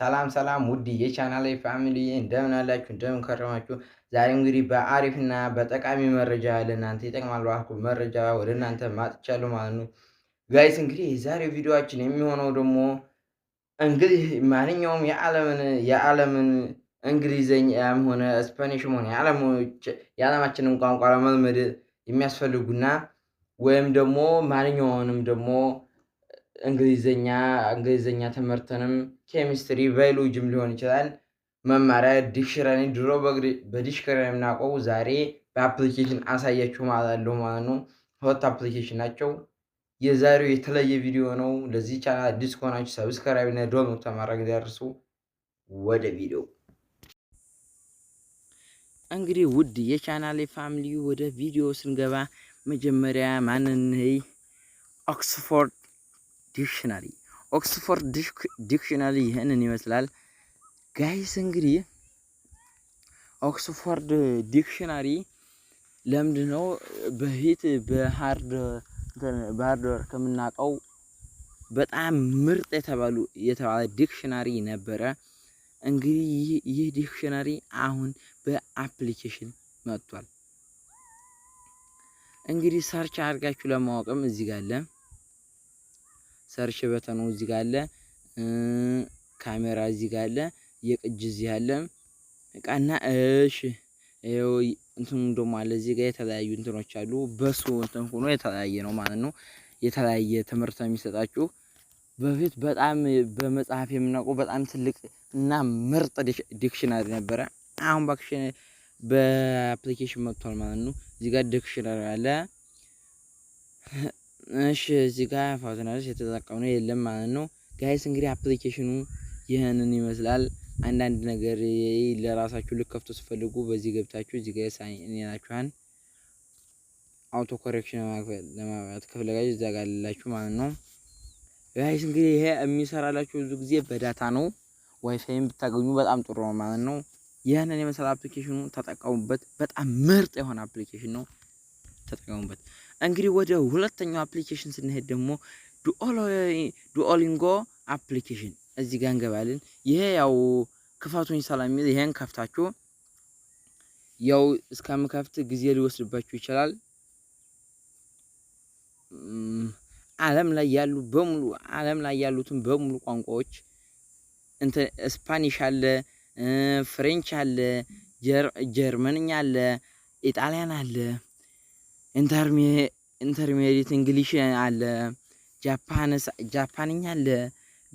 ሰላም ሰላም ውድ የቻናል ፋሚሊ እንደምን አላችሁ? እንደምን ከረማችሁ? ዛሬ እንግዲህ በአሪፍና በጠቃሚ መረጃ ለእናንተ ይጠቅማል ባልኩ መረጃ ወደ እናንተ ማጥቻለሁ ማለት ነው። ጋይስ እንግዲህ የዛሬው ቪዲዮችን የሚሆነው ደግሞ እንግዲህ ማንኛውም የዓለምን የዓለምን እንግሊዘኛም ሆነ ስፓኒሽም ሆነ የዓለማችንን ቋንቋ ለመልመድ የሚያስፈልጉና ወይም ደግሞ ማንኛውንም ደግሞ እንግሊዝኛ እንግሊዝኛ ትምህርትንም ኬሚስትሪ ባዮሎጂም ሊሆን ይችላል መማሪያ ዲክሽነሪ ድሮ በዲክሽነሪ የምናውቀው ዛሬ በአፕሊኬሽን አሳያችሁ ማላለሁ ማለት ነው። ሁለት አፕሊኬሽን ናቸው። የዛሬው የተለየ ቪዲዮ ነው። ለዚህ ቻናል አዲስ ከሆናችሁ ሰብስክራይብ እና ዶ ተማረግ ደርሱ። ወደ ቪዲዮ እንግዲህ ውድ የቻናሌ ፋሚሊ ወደ ቪዲዮ ስንገባ መጀመሪያ ማንን ኦክስፎርድ ዲክሽናሪ ኦክስፎርድ ዲክሽናሪ ይህንን ይመስላል ጋይስ። እንግዲህ ኦክስፎርድ ዲክሽናሪ ለምንድን ነው በፊት በሃርድወር ከምናውቀው በጣም ምርጥ የተባሉ የተባለ ዲክሽናሪ ነበረ። እንግዲህ ይህ ዲክሽናሪ አሁን በአፕሊኬሽን መጥቷል። እንግዲህ ሰርች አድርጋችሁ ለማወቅም እዚህ ጋር አለ። ሰርች በተኑ እዚህ ጋር አለ፣ ካሜራ እዚህ ጋር አለ፣ የቅጅ እዚህ አለ። እቃና እሺ ይኸው እንትኑ ደሞ አለ እዚህ ጋር የተለያዩ እንትኖች አሉ። በሱ እንትን ሆኖ የተለያየ ነው ማለት ነው። የተለያየ ትምህርት ነው የሚሰጣችሁ። በፊት በጣም በመጽሐፍ የምናውቀው በጣም ትልቅ እና ምርጥ ዲክሽነሪ ነበረ። አሁን ባክሽ በአፕሊኬሽን መጥቷል ማለት ነው። እዚህ ጋር ዲክሽነሪ አለ። እሺ እዚህ ጋር የተጠቀሙ ነው የለም ማለት ነው ጋይስ። እንግዲህ አፕሊኬሽኑ ይህንን ይመስላል። አንዳንድ ነገር ለራሳችሁ ልከፍቶ ስፈልጉ በዚህ ገብታችሁ እዚህ ጋር ሳይናችኋን አውቶ ኮሬክሽን ለማለት ክፍለ እዛ ጋር አላችሁ ማለት ነው ጋይስ። እንግዲህ ይሄ የሚሰራላችሁ ብዙ ጊዜ በዳታ ነው። ዋይፋይም ብታገኙ በጣም ጥሩ ነው ማለት ነው። ይህንን የመሰለ አፕሊኬሽኑ ተጠቀሙበት። በጣም ምርጥ የሆነ አፕሊኬሽን ነው፣ ተጠቀሙበት። እንግዲህ ወደ ሁለተኛው አፕሊኬሽን ስንሄድ ደግሞ ዱኦሊንጎ አፕሊኬሽን እዚህ ጋር እንገባለን። ይሄ ያው ክፈቱኝ ሰላም የሚል ይሄን ከፍታችሁ ያው እስከምከፍት ጊዜ ሊወስድባችሁ ይችላል። ዓለም ላይ ያሉ በሙሉ ዓለም ላይ ያሉትን በሙሉ ቋንቋዎች እንተ ስፓኒሽ አለ፣ ፍሬንች አለ፣ ጀርመንኛ አለ፣ ኢጣሊያን አለ ኢንተርሜዲት እንግሊሽ አለ፣ ጃፓንኛ አለ፣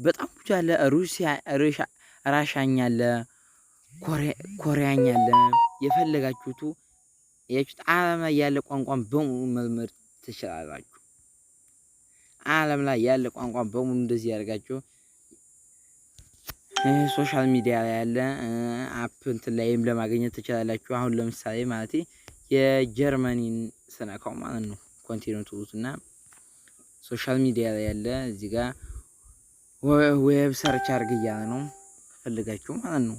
በጣም ብዙ አለ፣ ራሻኛ አለ፣ ኮሪያኛ አለ። የፈለጋችሁቱ ዓለም ላይ ያለ ቋንቋን በሙሉ መልመድ ትችላላችሁ። ዓለም ላይ ያለ ቋንቋን በሙሉ እንደዚህ ያደርጋችሁ። ሶሻል ሚዲያ ላይ ያለ አፕ እንትን ላይም ለማግኘት ትችላላችሁ። አሁን ለምሳሌ ማለት የጀርመኒን ስነካው ማለት ነው። ኮንቲኒው ትሉት እና ሶሻል ሚዲያ ላይ ያለ እዚህ ጋር ዌብ ሰርች አርግ እያለ ነው ፈልጋችሁ ማለት ነው።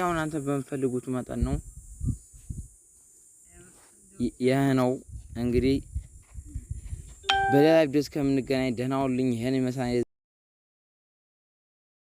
ያው እናንተ በምፈልጉት መጠን ነው። ይህ ነው እንግዲህ በሌላ ቪዲዮ እስከምንገናኝ ደህና ሁኑልኝ። ይህን ይመስላል።